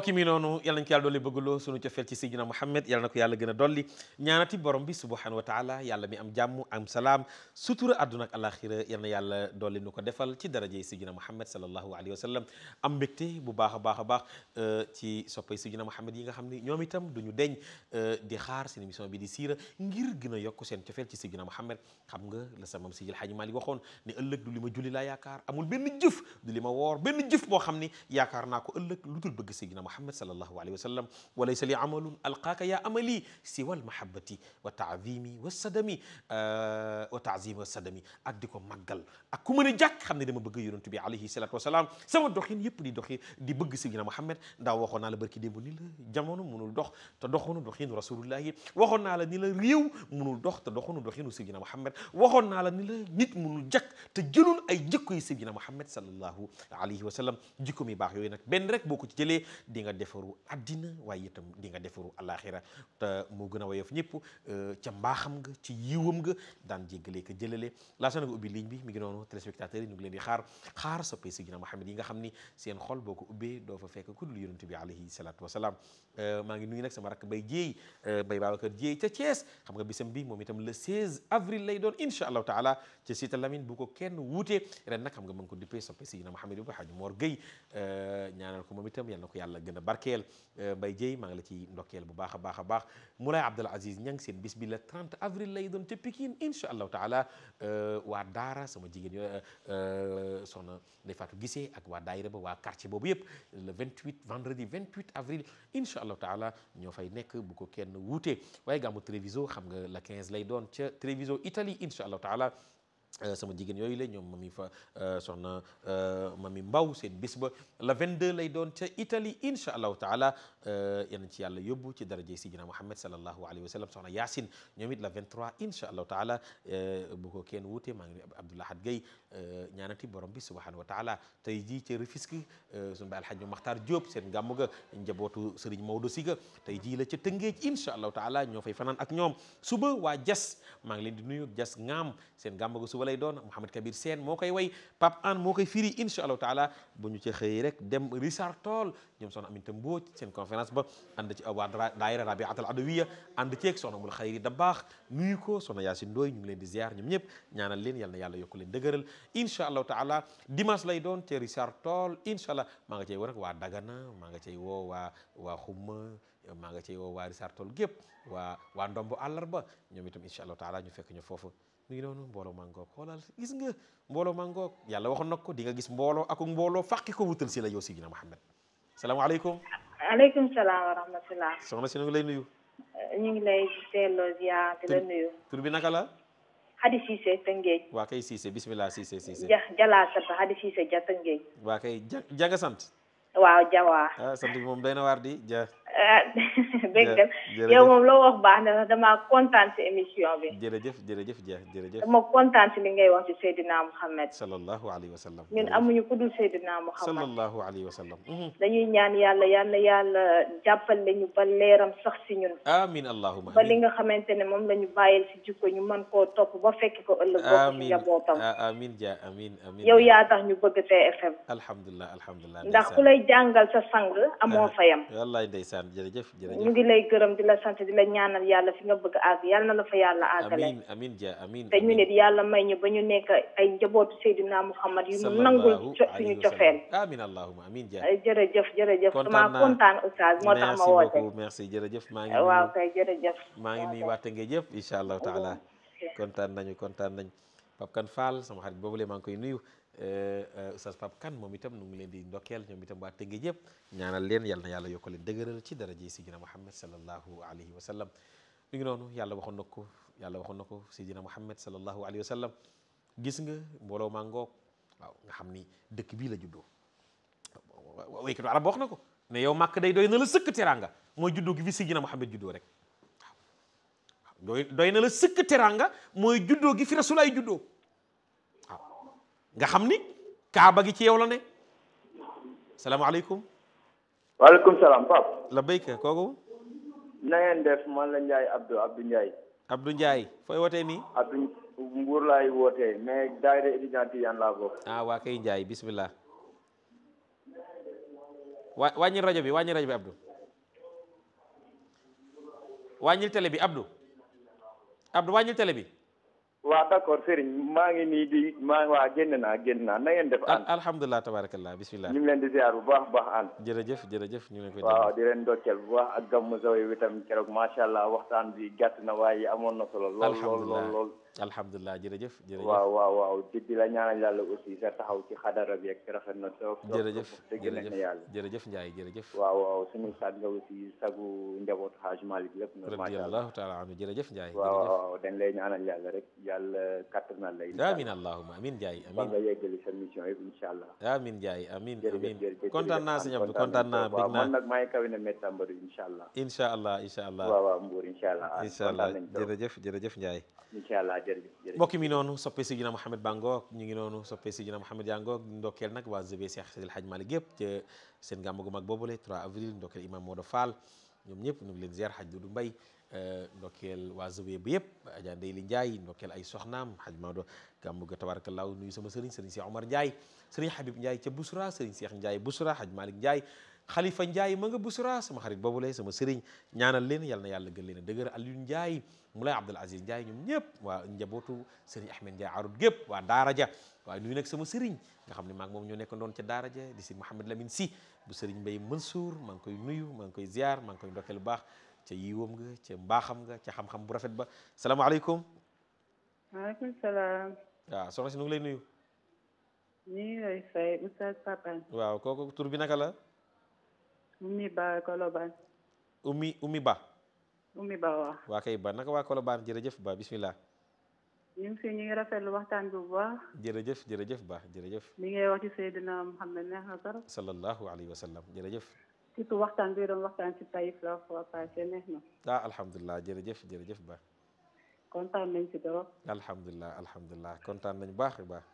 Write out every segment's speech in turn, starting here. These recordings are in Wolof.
mbokki mi noonu yal nañ ko yàlla dolli bëggloo sunu cofeel ci Seydina Muhammad yal na ko yàlla gën a dolli ñaanati borom bi subhanahu wa taala yàlla mi am jàmm am salaam sutura àdduna ak alaxira yal na yàlla dolli nu ko defal ci daraje Seydina Muhammad a a euh, Muhammad yi nga xam ne ñoom itam duñu deñ euh, di xaar seen émission bi di siira ngir gën a yokk seen cofeel ci Seydina Muhammad xam nga la sama maam Seydil Haaji Maalik waxoon ne ëllëg du li ma julli laa yaakaar muhammad sallallahu alayhi wa sallam wa laysa li amalun alqaaka yaa amali siwa almahabati wa taadimi wa sadami uh, wa taazimi wa sadami ak di ko màggal ak ku mën a jàkk xam ne dama bëgg yonent bi alayhi salatu wasalaam sama doxin yëpp di doxi di bëgg sayyidina muhammad ndax waxoon naa la barki démb ni la jamono munul dox te doxunu doxinu rasulullahi waxoon naa la ni la réew munul dox te doxunu doxinu sayyidina muhammad waxoon naa la ni la nit munul jàkk te jëlul ay jikko yi sayyidina muhammad sallallahu alayhi wa sallam jikko mi baax yooyu nag benn rek boo ko ci jëlee di nga defaru àddina waaye itam di nga defaru alaxira te moo gën a woyof ñëpp euh, ca mbaaxam nga ci yiwam nga daan jéggalee ko jëlale laata nga ubbi ligne bi mi ngi noonu téléspectateurs yi ñu ngi leen di xaar xaar soppee si ginnaaw Muhammad yi nga xam ni seen xol boo ko ubbee doo fa fekk ku dul yonent bi alayhi euh, euh, doon incha allahu taala ca Cité Lamine bu ko kenn wuute ren nag xam nga ma ko duppee soppee si ginnaaw Muhammad yi ba Hadji Mor Gueye ñaanal ko moom itam gën a barkeel euh, Mbaye Dieye maa la ci ndokkeel bu baax a baax a baax Moulay Abdul Aziz ña seen bis bi le 30 avril lay doon ca Pikine incha allahu taala euh, waa Daara sama jigéen yo euh, soxna Ndeye Fatou Gisee ak waa daayira ba waa quartier boobu yëpp le 28 vendredi 28 avril incha allahu taala ñoo nekk bu ko kenn wuutee waaye gàmmu télévision xam nga la 15 lay doon ca télévision Italie incha allahu taala Euh, ma jigéen yooyu la ñoom mami fa euh, soxna euh, mami Mbaw seen bis ba la 22 lay doon ca Italie incha allahu taala yal na ci yàlla yóbbu ci daraje sidina Muhammad sallallahu alayhi wa sallam soxna Yaasin ñoom it la 23 incha allahu taala bu ko kenn wuute maa ngi nuyu Abdoul Ahad Guèye ñaanati borom bi subhanahu wa taala tey jii ca Rufisque suñu baay Alxaaj Maxtaar Diop seen gàmmu ga njabootu Serigne Maodo Siga tey jii la ca Tëngéej incha allahu taala ñoo ak ñoom suba waa Jas lay doon Mouhamed Kabir Sène moo koy way Pape An moo koy firi incha allahu taala bu ñu ci xëy rek dem Richard Toll ñoom soxna Aminta Mbóoj seen conférence ba ànd ci waa daayira Rabiat al Adawiya ànd ceeg soxna Mul Xayri Dabaax nuyu ko soxna Yaasin Ndooy ñu ngi leen di ziar ñoom ñëpp ñaanal leen yal na yàlla yokku leen dëgëral incha allahu taala allah maa nga cay woo rek waa Dagana maa nga cay woo waa waa Xumma maa nga cay woo waa Richard Toll gépp waa waa ndombu àllarba ñoom itam incha allahu taala ñu fekk ñu foofu mi ngi noonu mbooloo mangoog xoolal gis nga mbooloo mangoog yàlla ko di nga gis mbooloo ak mbooloo fàqi ko wutal si la yow Sidina Muhammad salaamaaleykum aleykum salaam wa rahmatullah soxna si ñu lay nuyu ñu ngi lay teelloo ziar di la nuyu tur bi naka la Hadi Cissé Tëngéej waa kay Cissé bismillah Cissé Cissé ja jalaa sant Hadi Cissé ja Tëngéej waa kay ja ja nga sant waaw ja waa ah, sant moom day na waar ah dégg nga yow moom loo wax baax na damaa kontaan si émission bi. jërëjëf jërëjëf jërëjëf. dama kontaan si li ngay wax si Seydina Mouhamed. sallallahu alayhi wa sallam. ñun amuñu ku dul Seydina Mouhamed. sallallahu alayhi wa sallam. Mhm. dañuy ñaan yàlla yàlla yàlla jàppale ñu ba leeram sax si ñun. amiin allahumma ba li nga xamante ne moom la ñu bàyyil si jikko ñu mën koo topp ba fekk ko ëllëg. amiin njabootam amiin ja amiin amiin. yaa tax ñu bëgg TFM. ndeysaan a jërëjëf ñu ngi lay gërëm la sant di la ñaanal yàlla fi nga bëgg àgg yàlla na la fa yàlla àggale amiin amiin ja amiin te ñu nit yàlla may ñu ba ñu nekk ay njabootu Seydina Muhammad yu mu nangul suñu cofeel amiin allahuma amiin ja jërëjëf jërëjëf dama kontaan oustaz moo tax ma woote merci jërëjëf a ngi waaw kay jërëjëf maa ngi nuyu waate nga jëf incha allahu taala kontaan nañu kontaan nañ Pape Kane Fall sama xarit boobu lee maa ngi koy nuyu oustaz Pape Kane moom itam nu ngi leen di ndokkeel ñoom itam waa Tëngéej yëpp ñaanal leen yal na yàlla yokk leen dëgëral ci daraje Sidina Muhammad sallallahu alayhi wa sallam mi ngi noonu yàlla waxoon na ko yàlla waxoon na ko Sidina Muhammad sallallahu alayhi wa sallam gis nga mbooloo maa ngoog nga xam ni dëkk bii la juddoo waykatu arab wax na ko ne yow màkk day doy na la sëkk teraanga mooy juddoo gi fi Sidina Muhammad juddoo rek doy doy na la sëkk teranga mooy juddoo gi fi rasulaay juddoo nga xam ni kaaba gi ci yow la ne salaamaaleykum waaleykum salaam Pape la kooku na ngeen def man la Ndiaye Abdou fooy wootee nii Abdou Mbour laay wootee mais daayira étudiant yi laa bokk ah waa kay Ndiaye bismillah waa rajo bi wàññil rajo bi Abdou bi Abdou Abdou wàññil télé bi. waaw d'accord Serigne maa ngi nii di maa waa génn a génn naa na ngeen def. ànd alhamdulilah tabarakallah bismillah ñu ngi leen di ziar bu baax baax ànd. jërëjëf jërëjëf ñu ngi koy. waaw di leen waa bu baax ak gàmmu zawi bi tam keroog macha allah waxtaan bi gàtt na waaye amoon na solo. lool lool lool lool. alhamdulilah jërëjëf jërëjëf waaw waaw waaw di la ñaanal yàlla aussi sa taxaw ci xadara bi ak rafet na trop jërëjëf jërëjëf yàlla jërëjëf Ndiaye jërëjëf waaw waaw suñu saat nga aussi sagu njabootu Hajj Malick lépp na radiyallahu taala anhu jërëjëf Ndiaye waaw waaw dañ lay ñaanal yàlla rek yàlla kattanal lay amin allahuma amin Ndiaye amin nga yeggali sa mission yëpp incha allah amin Ndiaye amin amin kontaan naa sëñ Abdou kontaan naa bég naa man nag maa ngi kawe na méttambadu incha allah incha allah incha allah waaw waaw mbuur incha allah incha allah jërëjëf jërëjëf Ndiaye incha allah voilà jërëjëf jërëjëf mbokk mi noonu soppe si dina Mouhamed Bango ñu ngi noonu soppe si dina Mouhamed Yango ndokkeel nag waa ZB Cheikh Sidil Hadj Malick yëpp ca seen gàmmu gu mag boobule 3 avril ndokkeel imam Modou Fall ñoom ñëpp ñu ngi leen ziar Hadj Doudou Mbaye euh, ndokkeel waa ZB bi yëpp Adja Ndeye Li Ndiaye ndokkeel ay soxnaam Hadj Maodo gàmmu ga tabarakallaahu nuyu sama sëriñ sëriñ Cheikh Omar Ndiaye sëriñ Habib Ndiaye ca Bousra sëriñ Cheikh Ndiaye Bousra Hadj Malick Ndiaye xalifa Ndiaye ma nga Busra sama xarit boobu lay sama sëriñ ñaanal leen yal na yàlla gën leen a dëgër Alioune Ndiaye Moulay Abdoul Aziz Ndiaye ñoom ñëpp waa njabootu sëriñ Ahmed Ndiaye arut gépp waa daara ja waaye nuyu nag sama sëriñ nga xam ne maag moom ñoo nekk doon ca daara ja di si Mouhamed Lamine Sy bu sëriñ Mbaye Mansour maa ngi koy nuyu maa ngi koy ziar maa ngi koy ndokkeel bu baax ca yiiwam nga ca mbaaxam nga ca xam-xam bu rafet ba salaamaaleykum maaleykum salaam waaw soxna si nu ngi lay Oumy Ba Colobane. Oumy Oumy Ba. Oumy Ba waaw. waa kay Ba naka waa Colobane jërëjëf Ba bismillah. ñu ngi fi ñu ngi rafetlu waxtaan bi bu baax. jërëjëf jërëjëf Ba jërëjëf. li ngay wax ci Seydina Muhammad neex na waxtaan bi doon waxtaan ci Taïf la waa passé neex na. ah alhamdulilah jërëjëf jërëjëf Ba. kontaan nañ ci trop. alhamdulilah alhamdulilah kontaan nañ baax a baax.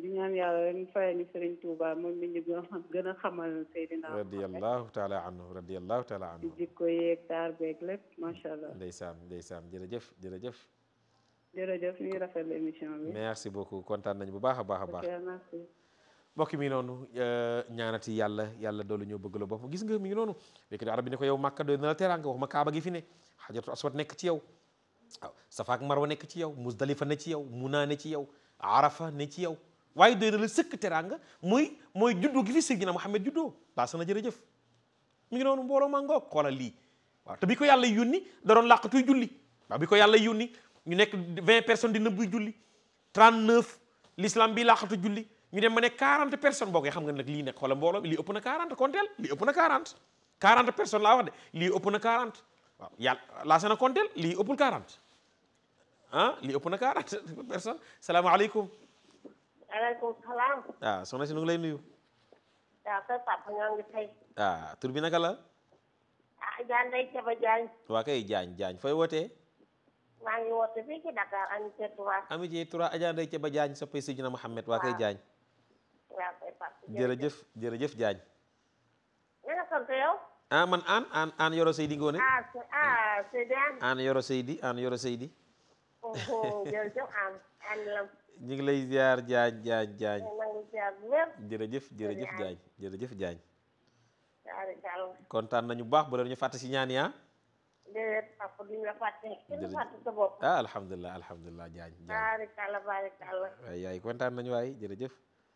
di ñaan yàlla rek mu fayal ñu Tuuba moom mi ñu gën a xam gën a xamal Seydina radiyallahu taala anhu radiyallahu taala anhu di jikko yeeg taar beeg lépp macha allah ndeysaan ndeysaan jërëjëf jërëjëf jërëjëf ñuy rafetlu émission bi merci beaucoup kontaan nañ bu baax a baax baax merci mbokk mi noonu euh, ñaanati yàlla yàlla doolu ñoo bëgg la bopp gis nga mi ngi noonu léegi arab bi ne ko yow màkka doy na la teraanga wax kaaba gi fi ne xajaratu nekk ci yow waaw safaak marwa nekk ci yow musdalifa ci yow munaa ne ci yow ci yow waaye doy na la sëkk teraanga muy mooy juddu gi fi Seydina Muhammad juddoo baax na jërëjëf mi ngi noonu mbooloo maa ngoog xoolal lii waaw te bi ko yàlla yónni da doon julli waaw ko yàlla yónni ñu nekk vingt person di nëbbuy julli trente neuf l'islam bi làqatu julli ñu dem ba ne quarante personnes boo koy xam nga nag lii nekk xoolal mbooloo lii ëpp na quarante konteel lii ëpp na quarante quarante laa wax de lii ëpp na quarante waaw yàlla laa seen lii ëppul quarante ah lii ëpp na quarante personnes salaamaaleykum aleykum salaam. ah soxna si nu lay nuyu. waaw kay papa ñoo bi naka la. ah Diagne day Caba Diagne. waa kay Diagne Diagne fooy wootee. maa ngi woote fii ci Dakar amitié 3. amitié 3 Adja Ndeye Caba Diagne soppay waa kay Diagne. waaw kay papa jërëjëf man aan aan Yoro Seydi Ngone. aan. Yoro Seydi aan Yoro Seydi. ñu ngi lay ziar jaaj jaaj jaaj jërëjëf jërëjëf jaaj jërëjëf jaaj kontaan nañu bu baax bu leen ñu fàtte si ñaan yaa ah. déedéet papa duñ la fàtte kenn fàtte sa bopp ah alhamdulilah alhamdulilah jaaj baarikàlla baarikàlla waay yaay kontaan nañu waay jërëjëf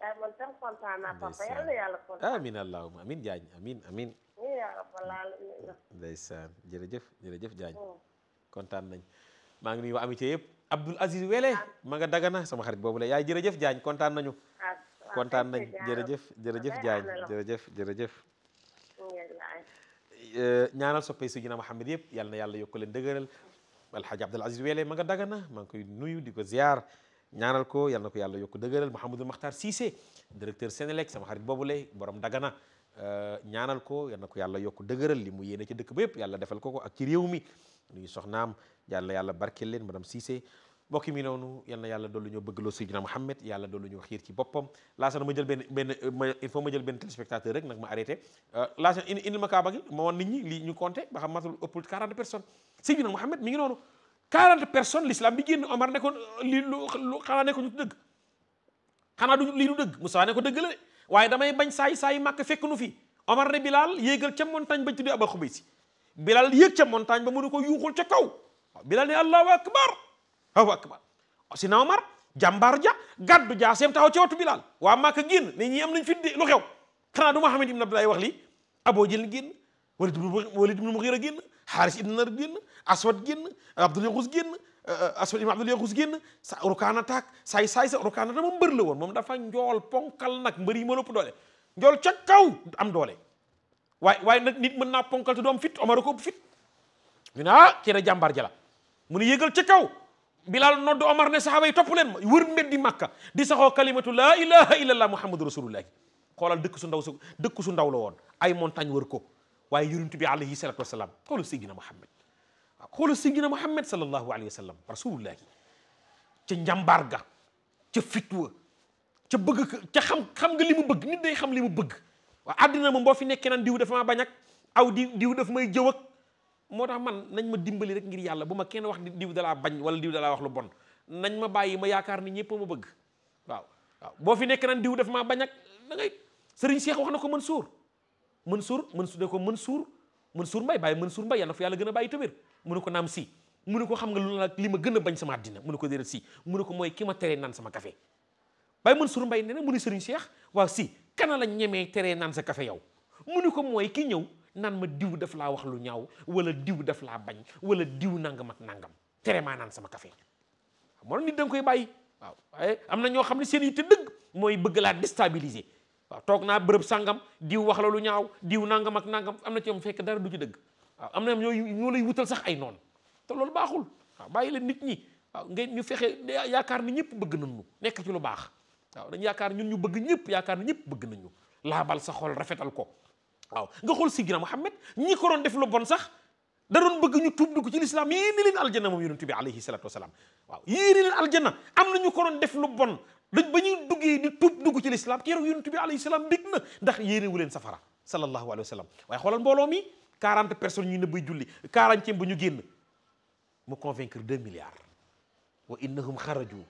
waaye man tam kontaan naa papa yàlla yàlla kontaan amin allahuma amin jaaj amin amin yaa rabbal alamin ndeysaan jërëjëf jërëjëf jaaj mm. kontaan nañ maa ngi nuyu waa amitié yëpp Abdoul Aziz Wele ma nga dagana sama xarit boobu la yaay jërëjëf Diagne kontaan nañu ah, kontaan nañ jërëjëf jërëjëf Diagne jërëjëf jërëjëf eh, ñaanal soppay Sayyidina Muhammad yëpp yal na yàlla yokk leen dëgëral alxaaji Abdoul Aziz Wele ma nga dagana maa ngi koy nuyu di ko ziar ñaanal ko yal na ko yàlla yokk dëgëral Mouhamadou Makhtar Cissé directeur Sénélec sama xarit boobu la borom dagana eh, ñaanal ko yal na ko yàlla yokk dëgëral li mu yéene ci dëkk ba yëpp yàlla defal ko ko ak ci réew mi nuyu soxnaam yal na yàlla barkeel leen madame Cissé mbokk mi noonu yal na yàlla dollu ñoo bëgg loo Seydina Mouhamed yàlla dollu ñoo xiir ci boppam laasana ma jël benn benn ma ma jël benn téléspectateur rek nag ma arrêté euh, laasana in indil ma kaaba gi ma woon nit ñi lii ñu compté ba xam matul ëppul 40 personnes Seydina Mouhamed mi ngi noonu 40 personnes l'islam bi génn Omar nekkoon euh, lii lu xanaa nekko ñu dëgg xanaa du lii dëgg Moussa ne ko dëgg la waaye damay bañ saay saay màkk fekk ba tuddee Aba Xubaysi ba mu ko yuuxul ca kaw Allahu akbar sina Omar jàmbaar ja gàddu ja seem taxaw ci watu Bilaal waa Màkka génn ne ñii am nañ fi lu xew xanaa du Muhammad ibn Abdullah wax lii Aboo Jël génn Walid Walid ibn Mughira génn Xaaris ibn Nar génn Aswad génn Abdul Yaxus génn euh, Aswad ibn Abdul Yaxus sa Rukaana taak saay saay sa Rukaana dama mbër la woon moom dafa njool ponkal nag mbër yi ma lëpp doole njool ca kaw am doole waaye waaye nag nit mën naa ponkal te du am fit Omar ko ëpp fit ñu na ah, jàmbaar ja la mu ne yëgal ca kaw Bilal nodd Omar ne saxaaba yi topp leen ma wër mbeddi Makka di saxoo kalimatu laa ilaha illallah muhammadu rasulullahi xoolal dëkk su ndaw su dëkku su ndaw la woon ay montagne wër ko waaye yonent bi alayhi salatu wasalaam xoolal Seydina Muhammad waaw ah, xoolal Seydina Muhammad sallallahu alayhi wa sallam rasulullahi ca njàmbaar ga ca fitwa ca bëgg ca xam xam nga li mu bëgg nit day xam li mu bëgg waaw àddina moom boo fi nekkee naan diw def maa bañ ak aw diw diw daf may jëw ak moo tax man nañ ma dimbali rek ngir yàlla bu ma kenn wax diw dalaa bañ wala diw dalaa wax lu bon nañ ma bàyyi ma yaakaar ni ñëpp ma bëgg waaw waaw boo fi nekk naan diw dafa maa bañ ak da ngay sëriñ Cheikh wax na ko Mansour Mansour Mansour ne ko Mansour Mansour Mbaye bàyyi Mansour Mbaye yal na ko yàlla gën a bàyyi tawér mu ne ko naam si mu ne ko xam nga lu la li ma gën a bañ sama àddina mu ne ko si mu ne ko mooy ki ma teree naan sama café bàyyi Mansour Mbaye nee na mu ne sëriñ Cheikh waaw si kana la ñemee teree naan sa café yow mu ko mooy ki ñëw naan ma diw daf laa wax lu ñaaw wala diw daf laa bañ wala diw nangam ak nangam tere maa naan sama café moo nit da koy bàyyi waaw waaye am na ñoo xam ne seen yitte dëgg mooy bëgg laa déstabiliser toog naa bërëb sangam diw wax la lu ñaaw diw nangam ak nangam am na ci ñoom fekk dara du ci dëgg waaw am na ñoo ñoo lay wutal sax ay noon te loolu baaxul waaw bàyyi leen nit ñi waaw ngay ñu fexe yaakaar ni ñëpp bëgg nañu nekk ci lu baax waaw dañ yaakaar ñu bëgg ñëpp yaakaar ni ñëpp bëgg nañu laabal sa xol rafetal ko waaw nga xool Sidina Muhammad ñi ko doon def lu bon sax da doon bëgg ñu tuub dugg ci lislaam yéeni leen aljanna moom yonent bi alayhi salatu wasalaam waaw yéeni leen aljanna am na ñu ko doon def lu bon dañ ba ñuy duggee di tuub dugg ci lislaam keroog yonent bi alayhi salaam bég na ndax wu leen safara sallallahu alayhi wa sallam waaye xoolal mbooloo mi 40 personnes ñu ne bay julli 40 ba ñu génn mu convaincre 2 milliards wa innahum xaraju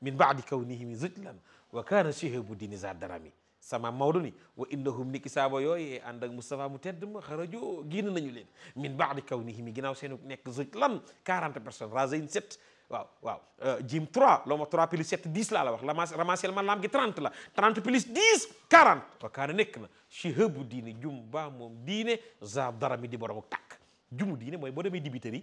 min baadi kawnihim zujlan wa kaana shihabu dini za darami sama Maodo ni wa innahum ni kisaaba yooyee ànd ak Moustapha mu tedd ma xarajo génn nañu leen min baadi kawnihi mi ginnaaw seenu nekk zoj lan 40 personnes rasayin 7 waaw waaw euh, jim 3 loo ma 3 plus 7 10 la wax lama ma laam gi 30 la 30 plus 10 40 wa kaana nekk na shihabu diine jum baa moom diine za dara mi di boromu tàkk jumu diine mooy boo demee dibitari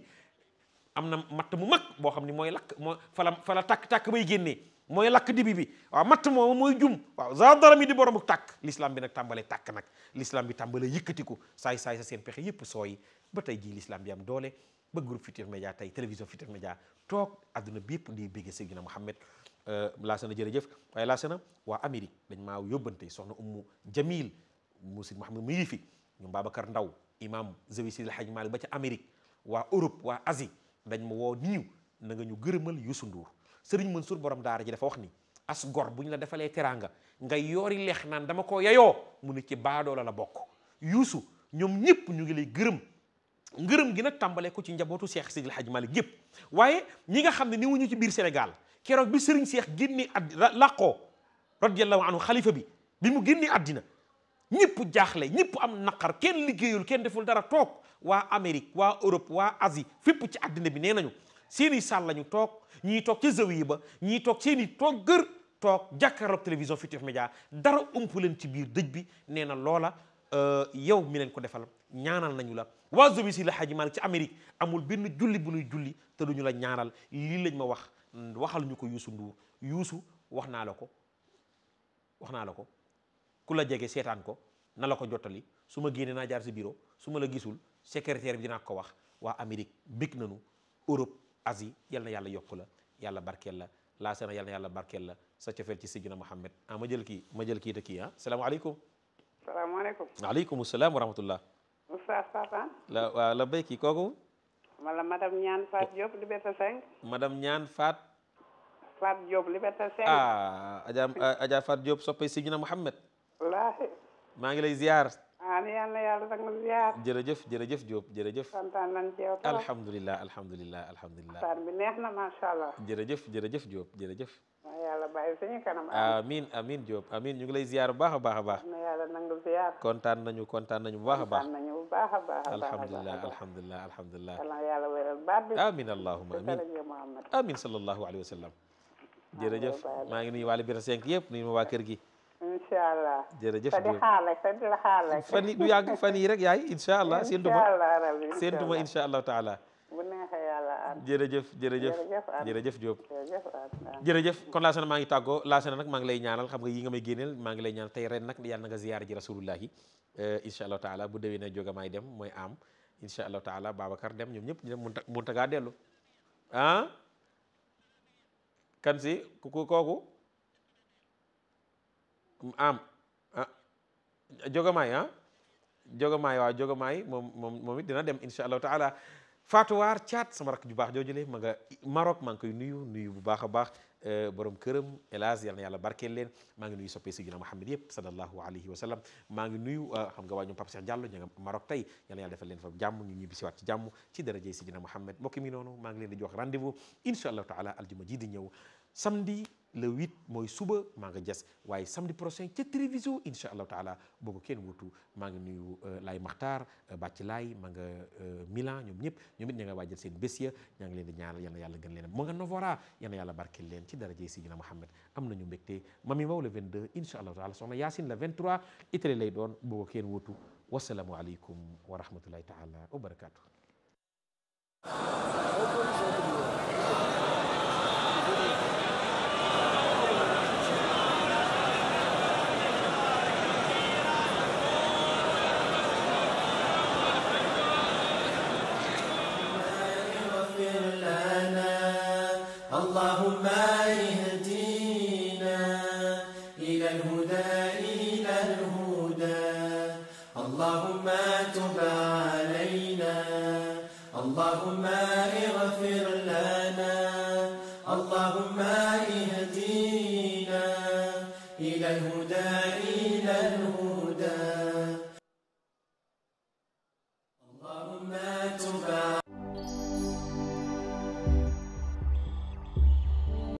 am na matt mu mag boo xam ni mooy lakk moo fala fala tàkk-tàkk bay génnee mooy lakk dibi bi waaw matt moomu mooy jum waaw za dara mi tàkk l'islam bi nag tàmbale tàkk nag l'islam bi tàmbale yëkkatiku saay saay sa pexe yépp sooyi ba tey jii l'islam bi am doole ba groupe Futurs tey télévision Futurs Médias toog adduna bi yépp di bégge Seydina Mouhamed euh, laasana jërëjëf waaye laasana waa Amérique dañ maa yóbbante soxna Ummu Jamil Mousid Mouhamed mu ngi ñu ñoom Ndaw imam Zawi Sidil Hadj Malick ba ca Amérique waa Europe waa Asie dañ ma woo niiw na nga ñu gërëmal Youssou Ndour sëriñ Mansour borom daara ji dafa wax ni as gor bu ñu la defalee teraanga nga yoori leex naan dama ko yayoo mu ne ci baadoola la bokk yuusu ñoom ñëpp ñu ngi lay gërëm ngërëm gi nag tàmbalee ko ci njabootu Cheikh Sidil Hadj Malick gépp waaye ñi nga xam ne ni wuñu ci biir senegal keroog bi Serigne Cheikh génni ad làqoo radiyallahu anhu xalifa bi bi mu génni àddina ñëpp jaaxle ñëpp am naqar kenn liggéeyul kenn deful dara toog waa Amérique waa Europe waa Asie fépp ci àddina bi nee nañu seeni salle la ñu toog ñii toog ca zawiya ba ñii toog seeni toog gër toog jàkkaarloog télévision Futurs Médias dara ump leen ci biir dëj bi nee na loola euh, yow mi leen ko defal ñaanal nañu la waa zobi si la Xaaji Maalik ci Amérique amul benn julli bu nuy julli te duñu la ñaanal lii lañ ma wax waxal ñu ko Youssou Ndour yuusu wax naa la ko wax naa la ko ku la jege seetaan ko na la ko jottali su ma génnee naa jaar si bureau su ma la gisul secrétaire bi dinaa ko wax waa Amérique bég nañu Europe Asie yal na yàlla yokk la yàlla barkeel la laasana yàlla barkeel la sa cofeel ci Seydina Muhammad ah ma jël ma jël kii te kii ah salaamaaleykum. salaamaaleykum. waaleykum salaam wa rahmatullah. Oustaz Pape la waaw la béy kii kooku. wala Liberté 5. madame Niane ah Adja Adja Fat Diop soppay Seydina Muhammad. maa ngi lay ziar. waaw yal na yàlla sax nu ziar. jërëjëf jërëjëf Diop jërëjëf. kontaan nañ ci yow trop alhamdulilah alhamdulilah alhamdulilah. waxtaan bi neex na macha allah. jërëjëf jërëjëf Diop jërëjëf. waaw yàlla bàyyi suñu kanam. amiin amiin Diop amiin ñu ngi lay ziar bu baax a baax a baax. na yàlla nangu ziar. kontaan nañu kontaan nañu bu baax a baax. kontaan nañu bu baax a baax. alhamdulilah alhamdulilah alhamdulilah. yal na yàlla wéral baat bi. amiin allahumma amiin amiin sallallahu alayhi wa sallam. jërëjëf maa ngi nuyu waa Libéré 5 yëpp nuyu ma waa kër gi incha allah. jërëjëf fa di xaar rek fa di la yii du yàgg fan yii incha allah. jërëjëf jërëjëf jërëjëf Diop maa ngi tàggoo laasana nag maa ngi lay ñaanal xam nga yi nga may génneel maa ngi lay ñaanal tey ren nag yàlla na nga ziyaar ji rasulullah yi eh, incha allah taala bu déwénee jóga maay dem mooy am incha allah taala Babacar dem ñoom ñëpp ñu dem Muntaga dellu ah kan kooku am ah Jogomaay ah Jogomaay waaw Jogomaay moom moom moom it dina dem incha allahu taala Faatuwaar Caat sama rakk ju baax joojule ma nga Maroc maa koy nuyu nuyu bu baax a baax eh, borom këram hélas yal na yàlla barkeel leen maa ngi nuyu soppee Sayyidina Muhammad yëpp sallallahu alayhi wa sallam maa ngi nuyu ah, xam nga waa ñoom Pape Cheikh Diallo ñu nga tey yal na yàlla defal leen fa jàmm ñu ñibbi siwaat ci jàmm ci darajey Sayyidina Muhammad mbokk mi noonu maa ngi leen di jox rendez-vous incha allahu taala aljuma ji di ñëw le 8 mooy suba maa nga jes waaye samedi prochain ca télévision incha allahu taala boobu kenn wutu maa ngi nuyu euh, Laay Maxtaar ci euh, Laay maa nga euh, Milan ñoom ñëpp ñoom it ña nga waajal seen bés ya ñaa ngi leen di ñaanal yal na yàlla gën leen ma nga Novora yal na yàlla barkeel leen ci daraje Sidina Muhammad am nañu mbégte Mami Maw le 22 incha allahu taala soxna Yaasin le 23 itali lay doon boobu kenn wutu wasalaamualeykum wa rahmatullahi taala wa اللهم إنها